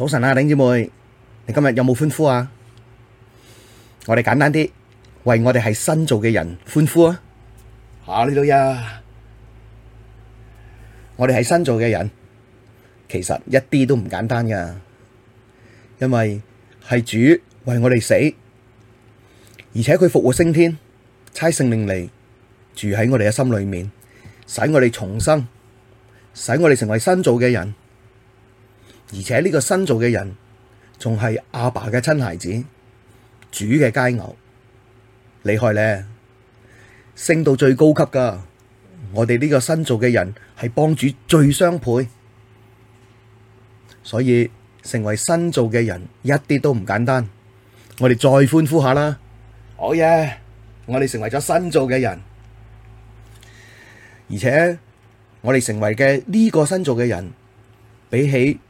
早晨啊，丁姐妹，你今日有冇歡呼啊？我哋簡單啲，為我哋係新造嘅人歡呼啊！吓呢度呀，我哋係新造嘅人，其實一啲都唔簡單噶，因為係主為我哋死，而且佢復活升天，差聖靈嚟住喺我哋嘅心裏面，使我哋重生，使我哋成為新造嘅人。而且呢個新造嘅人，仲係阿爸嘅親孩子，主嘅佳偶，厲害咧，升到最高級噶。我哋呢個新造嘅人係幫主最相配，所以成為新造嘅人一啲都唔簡單。我哋再歡呼下啦！好嘢，我哋成為咗新造嘅人，而且我哋成為嘅呢個新造嘅人，比起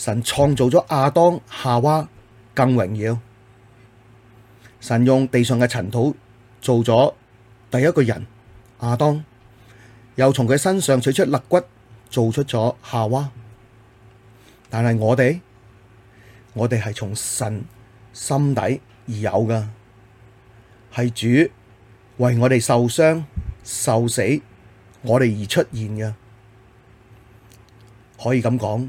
神創造咗亞當、夏娃更榮耀。神用地上嘅塵土做咗第一個人亞當，又從佢身上取出肋骨做出咗夏娃。但係我哋，我哋係從神心底而有噶，係主為我哋受傷、受死，我哋而出現噶，可以咁講。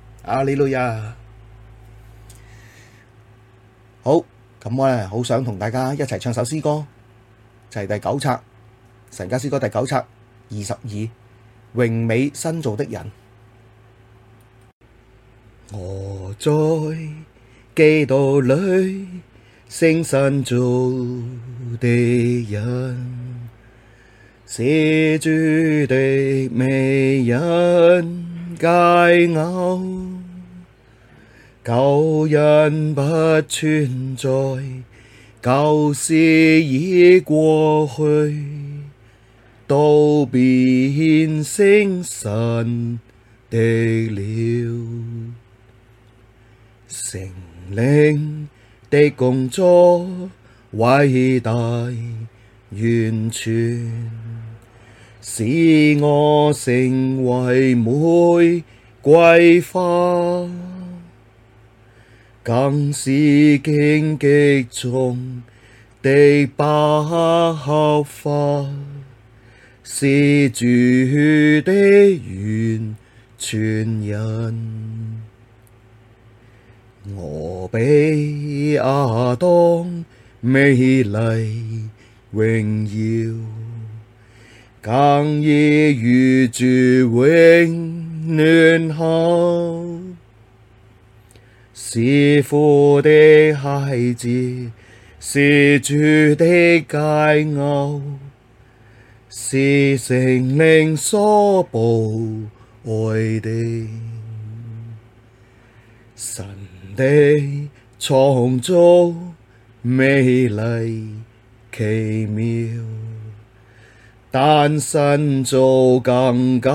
阿利路亞，好，咁我呢好想同大家一齊唱首詩歌，就係第九冊《神家詩歌》第九冊二十二《榮美新造的人》，我在基督裏成新造的人，是主的美人，佳偶。舊人不存在，舊事已過去，都變成新的了。聖靈的工作偉大完全，使我成為玫瑰花。更是荊棘中的百合花，是主的完全人，我比亞當美麗榮耀，更已與主永聯合。下。是父的孩子，是主的佳偶，是聖靈所寶愛的。神的創造美麗奇妙，但新造更加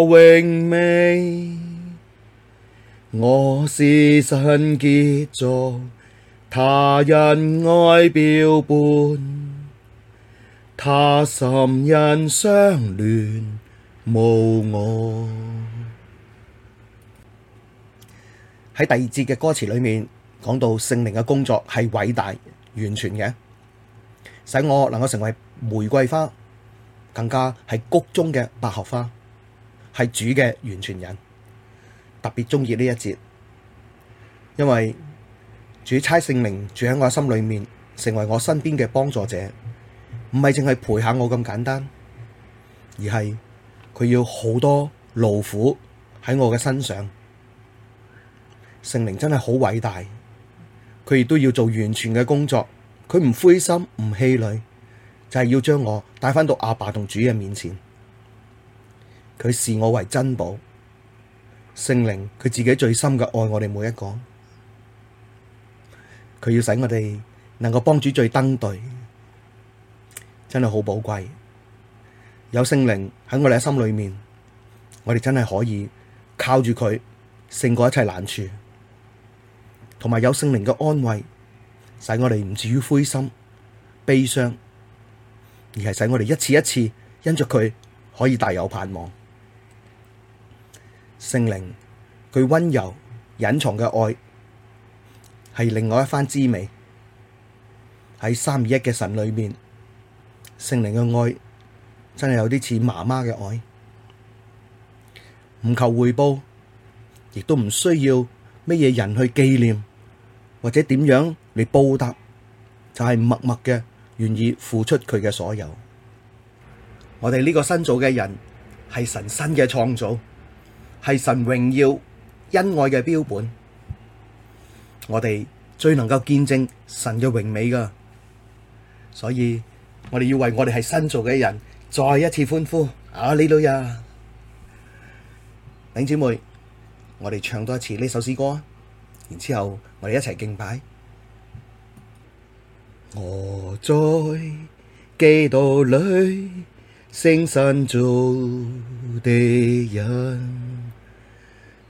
榮美。我是神傑作，祂恩愛標本，祂心欣賞戀慕我。喺第二節嘅歌詞裏面講到聖靈嘅工作係偉大完全嘅，使我能夠成為玫瑰花，更加係谷中嘅百合花，係主嘅完全人。特別中意呢一節，因為主差聖靈住喺我心裏面，成為我身邊嘅幫助者，唔係淨係陪下我咁簡單，而係佢要好多勞苦喺我嘅身上。聖靈真係好偉大，佢亦都要做完全嘅工作，佢唔灰心唔氣餒，就係要將我帶返到阿爸同主人面前，佢視我為珍寶。聖靈佢自己最深嘅愛我哋每一個，佢要使我哋能夠幫主最登對，真係好寶貴。有聖靈喺我哋嘅心裏面，我哋真係可以靠住佢勝過一切難處，同埋有聖靈嘅安慰，使我哋唔至於灰心悲傷，而係使我哋一次一次因着佢可以大有盼望。聖靈佢溫柔隱藏嘅愛，係另外一番滋味。喺三二一嘅神裏面，聖靈嘅愛真係有啲似媽媽嘅愛，唔求回報，亦都唔需要乜嘢人去紀念或者點樣嚟報答，就係、是、默默嘅願意付出佢嘅所有。我哋呢個新造嘅人係神新嘅創造。係神榮耀恩愛嘅標本，我哋最能夠見證神嘅榮美噶，所以我哋要為我哋係新造嘅人再一次歡呼啊！呢度啊，弟兄姊妹，我哋唱多一次呢首詩歌啊，然之後我哋一齊敬拜。我在基督裡，成新造的人。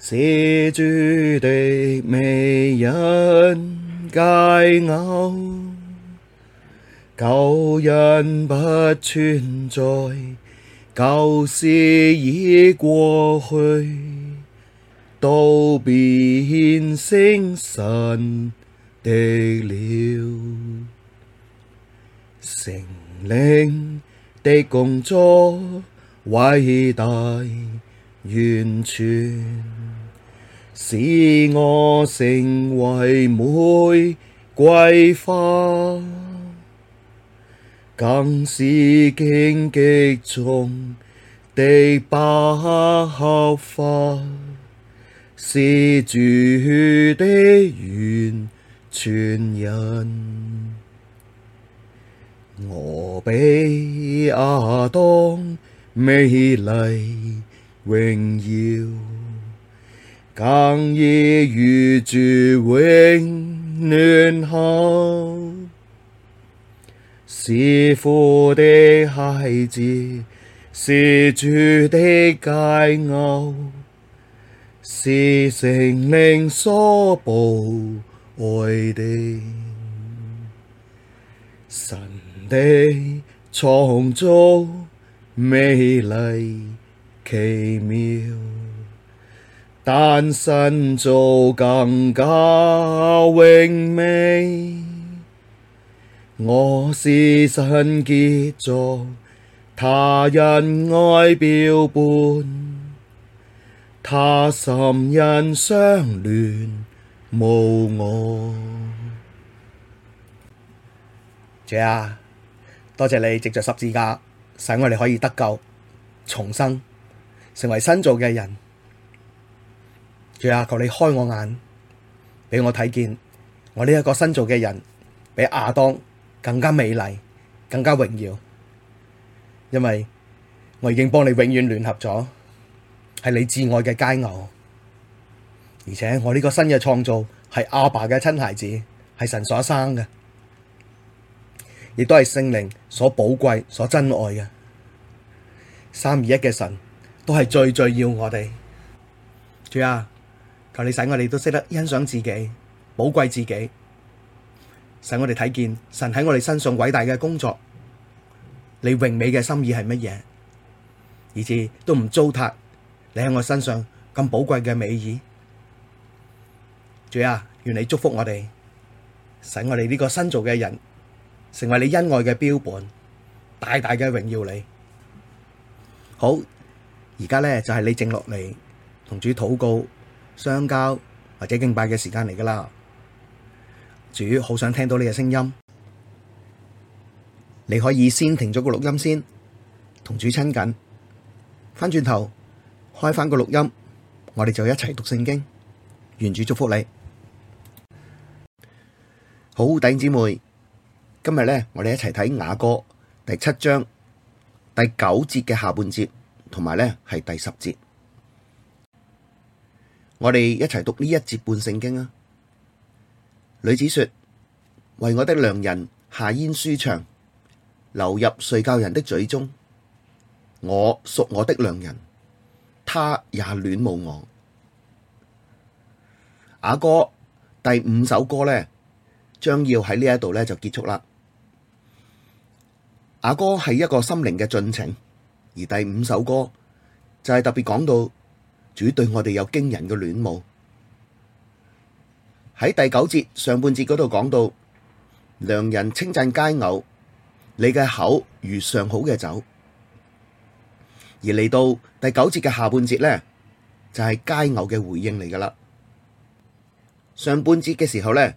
是主的美人、佳偶，舊人不存在，舊事已過去，都變成新的了，聖靈的工作偉大完全。使我成為玫瑰花，更是荊棘中的百合花，是主的完全人，我比亞當美麗榮耀。更已與主永聯合，是父的孩子，是主的佳偶，是聖靈所寶愛的，神的創造美麗奇妙。但新造更加榮美，我是神傑作，他恩愛標本。祂心欣賞戀慕我。主啊，多謝你藉着十字架，使我哋可以得救重生，成為新造嘅人。主啊，求你開我眼，俾我睇見我呢一個新造嘅人，比亞當更加美麗，更加榮耀。因為我已經幫你永遠聯合咗，係你至愛嘅佳偶，而且我呢個新嘅創造係阿爸嘅親孩子，係神所生嘅，亦都係聖靈所寶貴、所珍愛嘅。三二一嘅神，都係最最要我哋。主啊！求你使我哋都識得欣賞自己，寶貴自己，使我哋睇見神喺我哋身上偉大嘅工作，你榮美嘅心意係乜嘢，以至都唔糟蹋你喺我身上咁寶貴嘅美意。主啊，願你祝福我哋，使我哋呢個新造嘅人成為你恩愛嘅標本，大大嘅榮耀你。好，而家咧就係、是、你靜落嚟同主禱告。相交或者敬拜嘅時間嚟噶啦，主好想聽到你嘅聲音，你可以先停咗個錄音先，同主親近，翻轉頭開翻個錄音，我哋就一齊讀聖經，願主祝福你。好，弟兄姊妹，今日咧我哋一齊睇雅歌第七章第九節嘅下半節，同埋咧係第十節。我哋一齊讀呢一節半聖經啊！女子說：為我的良人下咽舒暢，流入睡覺人的嘴中。我屬我的良人，他也戀慕我。雅歌，第五首歌呢，將要喺呢一度呢就結束啦。雅歌係一個心靈嘅進程，而第五首歌就係、是、特別講到。主對我哋有驚人嘅戀慕。喺第九節上半節嗰度講到，良人稱讚佳偶，你嘅口如上好嘅酒。而嚟到第九節嘅下半節呢，就係、是、佳偶嘅回應嚟噶啦。上半節嘅時候呢，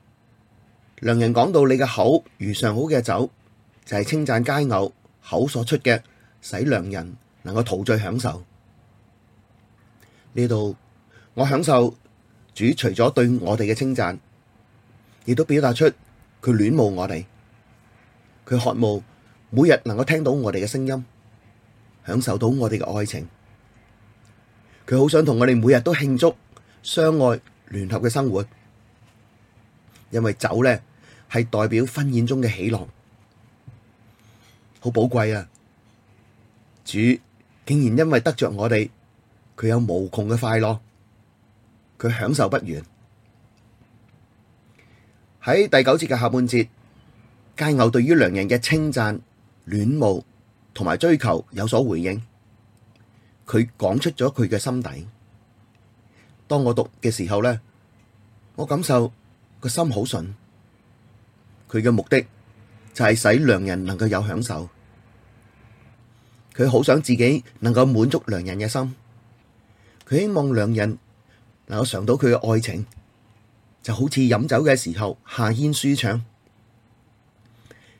良人講到你嘅口如上好嘅酒，就係稱讚佳偶口所出嘅，使良人能夠陶醉享受。呢度我享受主除咗對我哋嘅稱讚，亦都表達出佢戀慕我哋，佢渴望每日能夠聽到我哋嘅聲音，享受到我哋嘅愛情，佢好想同我哋每日都慶祝相愛聯合嘅生活。因為酒呢係代表婚宴中嘅喜樂，好寶貴啊！主竟然因為得着我哋，佢有無窮嘅快樂，佢享受不完。喺第九節嘅下半節，佳偶對於良人嘅稱讚、戀慕同埋追求有所回應。佢講出咗佢嘅心底。當我讀嘅時候咧，我感受個心好順。佢嘅目的就係使良人能夠有享受。佢好想自己能夠滿足良人嘅心。佢希望良人能夠嚐到佢嘅愛情，就好似飲酒嘅時候下咽舒暢，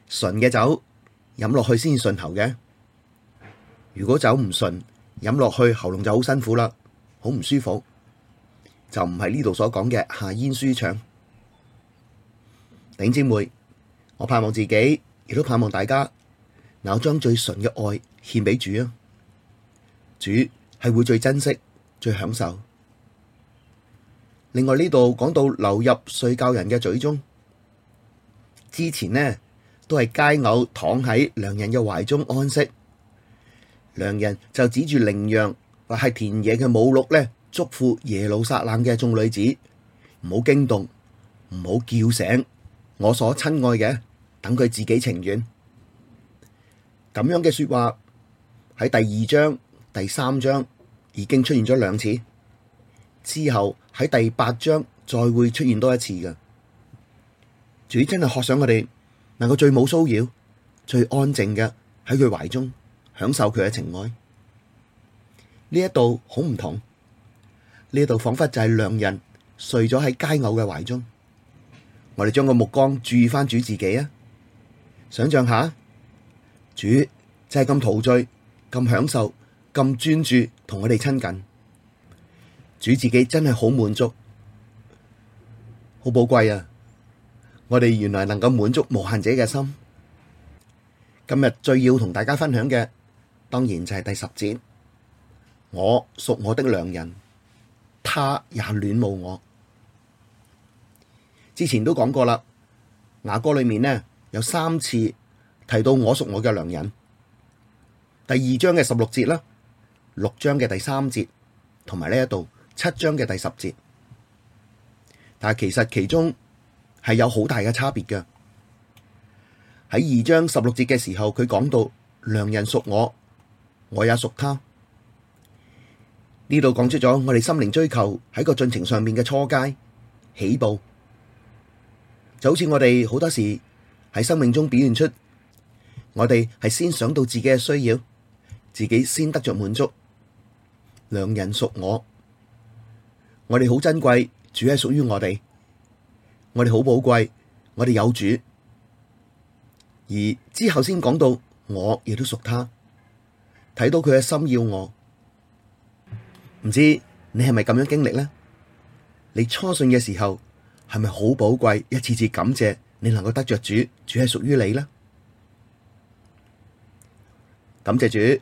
純嘅酒飲落去先至順喉嘅。如果酒唔純，飲落去喉嚨就好辛苦啦，好唔舒服，就唔係呢度所講嘅下咽舒暢。頂姊妹，我盼望自己，亦都盼望大家，能夠，將最純嘅愛獻俾主啊，主係會最珍惜。最享受。另外呢度講到流入睡覺人嘅嘴中，之前呢都係佳偶躺喺良人嘅懷中安息，良人就指住羚羊或係田野嘅母鹿呢，囑咐耶路撒冷嘅眾女子唔好驚動，唔好叫醒我所親愛嘅，等佢自己情願。咁樣嘅說話喺第二章第三章。已經出現咗兩次，之後喺第八章再會出現多一次嘅。主真係渴想我哋能夠最冇騷擾、最安靜嘅喺佢懷中享受佢嘅情愛。呢一度好唔同，呢一度仿佛就係良人睡咗喺佳偶嘅懷中。我哋將個目光注意翻主自己啊！想象下，主真係咁陶醉、咁享受。咁專注同我哋親近，主自己真係好滿足，好寶貴啊！我哋原來能夠滿足無限者嘅心。今日最要同大家分享嘅，當然就係第十節：我屬我的良人，他也戀慕我。之前都講過啦，雅歌裏面呢，有三次提到我屬我嘅良人，第二章嘅十六節啦。六章嘅第三節，同埋呢一度七章嘅第十節，但係其實其中係有好大嘅差別嘅。喺二章十六節嘅時候，佢講到良人屬我，我也屬他。呢度講出咗我哋心靈追求喺個進程上面嘅初階起步，就好似我哋好多時喺生命中表現出，我哋係先想到自己嘅需要，自己先得着滿足。良人屬我，我哋好珍貴，主係屬於我哋，我哋好寶貴，我哋有主，而之後先講到我亦都屬他，睇到佢嘅心要我，唔知你係咪咁樣經歷呢？你初信嘅時候係咪好寶貴？一次次感謝你能夠得着主，主係屬於你呢？感謝主。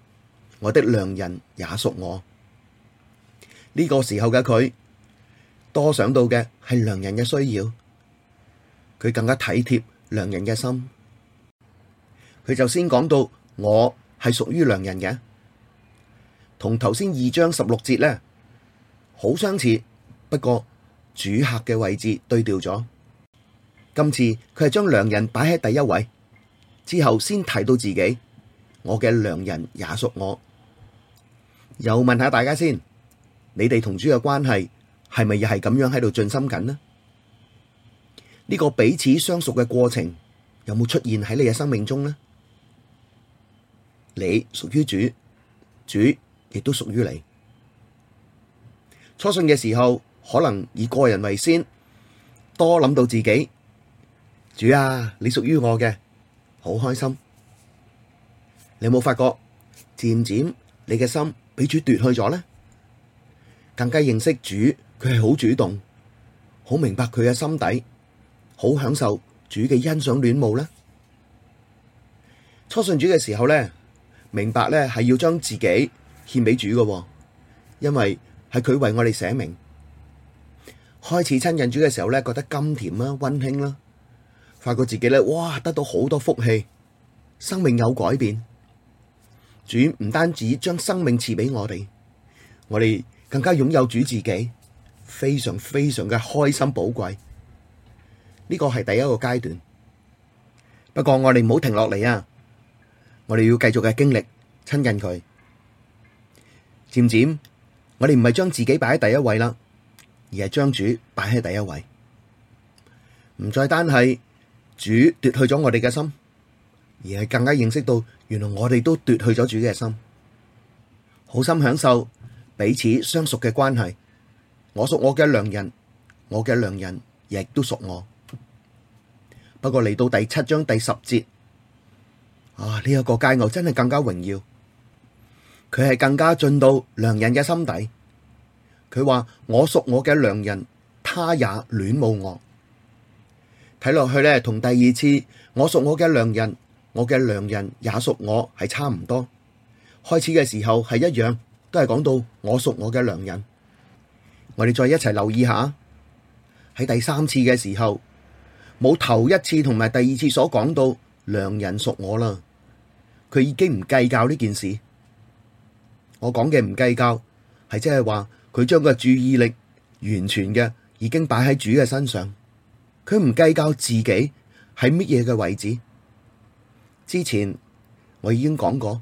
我的良人也屬我，呢個時候嘅佢多想到嘅係良人嘅需要，佢更加體貼良人嘅心，佢就先講到我係屬於良人嘅，同頭先二章十六節咧好相似，不過主客嘅位置對調咗，今次佢係將良人擺喺第一位，之後先提到自己。我嘅良人也屬我，又問下大家先，你哋同主嘅關係係咪又係咁樣喺度進深緊呢？呢、呢個彼此相熟嘅過程有冇出現喺你嘅生命中呢？你屬於主，主亦都屬於你。初信嘅時候可能以個人為先，多諗到自己，主啊，你屬於我嘅，好開心。你有冇發覺漸漸你嘅心俾主奪去咗呢？更加認識主，佢係好主動，好明白佢嘅心底，好享受主嘅欣賞、戀慕咧。初信主嘅時候呢，明白咧係要將自己獻俾主嘅，因為係佢為我哋寫命。開始親近主嘅時候呢，覺得甘甜啦、溫馨啦，發覺自己呢，哇，得到好多福氣，生命有改變。主唔單止將生命賜畀我哋，我哋更加擁有主自己，非常非常嘅開心寶貴。呢個係第一個階段。不過我哋唔好停落嚟啊！我哋要繼續嘅經歷親近佢，漸漸我哋唔係將自己擺喺第一位啦，而係將主擺喺第一位，唔再單係主奪去咗我哋嘅心。而係更加認識到，原來我哋都奪去咗主嘅心，好心享受彼此相熟嘅關係。我屬我嘅良人，我嘅良人亦都屬我。不過嚟到第七章第十節，啊！呢一個佳偶真係更加榮耀，佢係更加進到良人嘅心底。佢話：我屬我嘅良人，他也戀慕我。睇落去呢，同第二次我屬我嘅良人，我嘅良人也屬我，係差唔多開始嘅時候係一樣，都係講到我屬我嘅良人。我哋再一齊留意下，喺第三次嘅時候，冇頭一次同埋第二次所講到良人屬我啦。佢已經唔計較呢件事。我講嘅唔計較，係即係話佢將個注意力完全嘅已經擺喺主嘅身上，佢唔計較自己喺乜嘢嘅位置。之前我已經講過，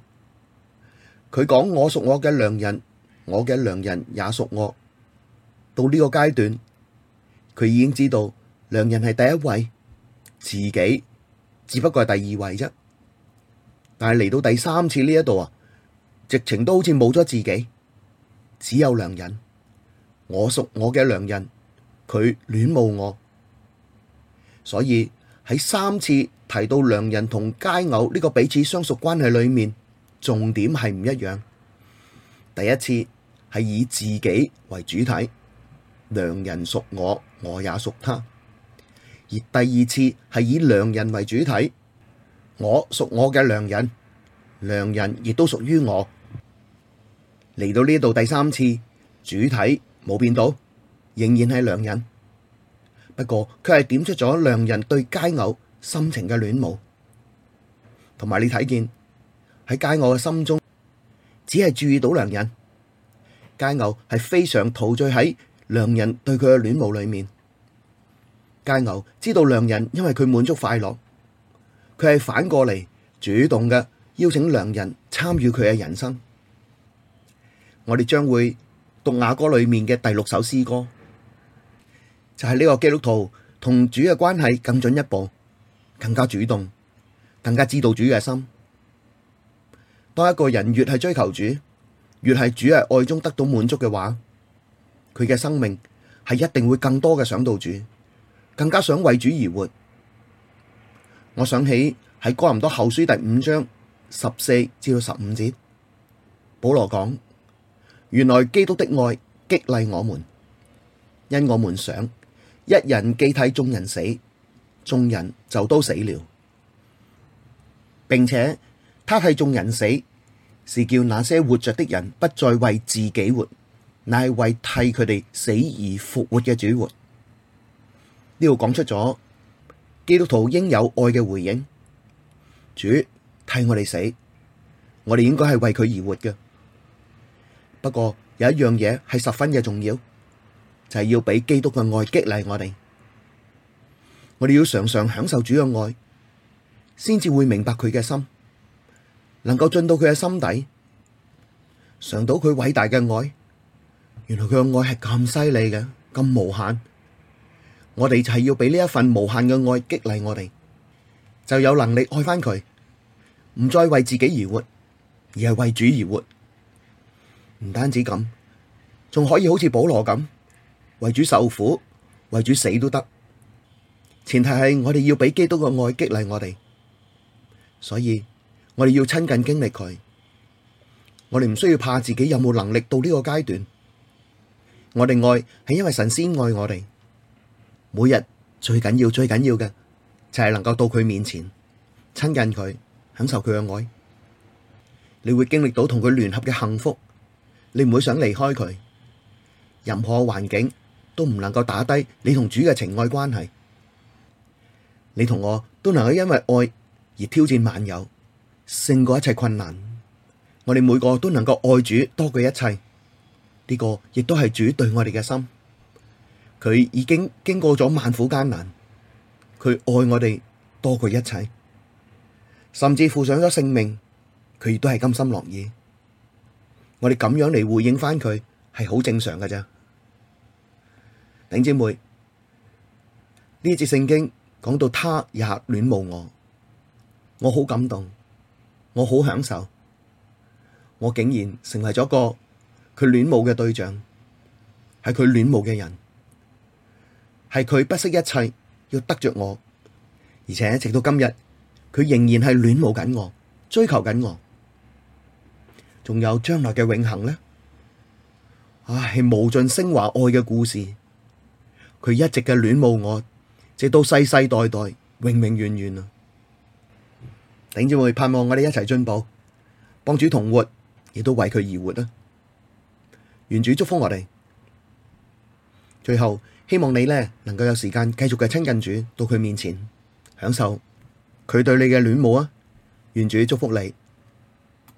佢講我屬我嘅良人，我嘅良人也屬我。到呢個階段，佢已經知道良人係第一位，自己只不過係第二位啫。但係嚟到第三次呢一度啊，直情都好似冇咗自己，只有良人。我屬我嘅良人，佢戀慕我，所以。喺三次提到良人同佳偶呢個彼此相屬關係裏面，重點係唔一樣。第一次係以自己為主體，良人屬我，我也屬他；而第二次係以良人為主體，我屬我嘅良人，良人亦都屬於我。嚟到呢度第三次，主體冇變到，仍然係良人。不過佢係點出咗良人對佳偶心情嘅戀慕，同埋你睇見喺佳偶嘅心中，只係注意到良人。佳偶係非常陶醉喺良人對佢嘅戀慕裏面。佳偶知道良人因為佢滿足快樂，佢係反過嚟，主動嘅邀請良人參與佢嘅人生。我哋將會讀雅歌裏面嘅第六首詩歌。就係呢個基督徒同主嘅關係更進一步，更加主動，更加知道主嘅心。當一個人越係追求主，越係主喺愛中得到滿足嘅話，佢嘅生命係一定會更多嘅想到主，更加想為主而活。我想起喺哥林多後書第五章十四至到十五節，保羅講，原來基督的愛激勵我們，因我們想。一人既替眾人死，眾人就都死了，並且他替眾人死，是叫那些活着的人不再為自己活，乃係為替佢哋死而復活嘅主活。呢度講出咗基督徒應有愛嘅回應：主替我哋死，我哋應該係為佢而活嘅。不過有一樣嘢係十分嘅重要。就係要俾基督嘅愛激勵我哋，我哋要常常享受主嘅愛，先至會明白佢嘅心，能夠進到佢嘅心底，嘗到佢偉大嘅愛。原來佢嘅愛係咁犀利嘅，咁無限。我哋就係要俾呢一份無限嘅愛激勵我哋，就有能力愛翻佢，唔再為自己而活，而係為主而活。唔單止咁，仲可以好似保羅咁。為主受苦，為主死都得，前提係我哋要俾基督嘅愛激勵我哋，所以我哋要親近經歷佢，我哋唔需要怕自己有冇能力到呢個階段，我哋愛係因為神先愛我哋，每日最緊要最緊要嘅就係能夠到佢面前親近佢，享受佢嘅愛，你會經歷到同佢聯合嘅幸福，你唔會想離開佢，任何環境，都唔能夠打低你同主嘅情愛關係，你同我都能夠因為愛而挑戰萬有，勝過一切困難。我哋每個都能夠愛主多過一切，呢個亦都係主對我哋嘅心。佢已經經過咗萬苦艱難，佢愛我哋多過一切，甚至付上咗性命，佢亦都係甘心樂意。我哋咁樣嚟回應返佢，係好正常嘅啫。弟兄姊妹，呢節聖經講到他也戀慕我，我好感動，我好享受，我竟然成為咗個佢戀慕嘅對象，係佢戀慕嘅人，係佢不惜一切要得着我，而且直到今日，佢仍然係戀慕緊我，追求緊我，仲有將來嘅永恆呢？唉，無盡升華愛嘅故事。佢一直嘅戀慕我，直到世世代代永永遠遠啊！頂住會盼望我哋一齊進步，幫主同活，亦都為佢而活啦、啊。願主祝福我哋。最後希望你咧能夠有時間繼續嘅親近主，到佢面前享受佢對你嘅戀慕啊！願主祝福你。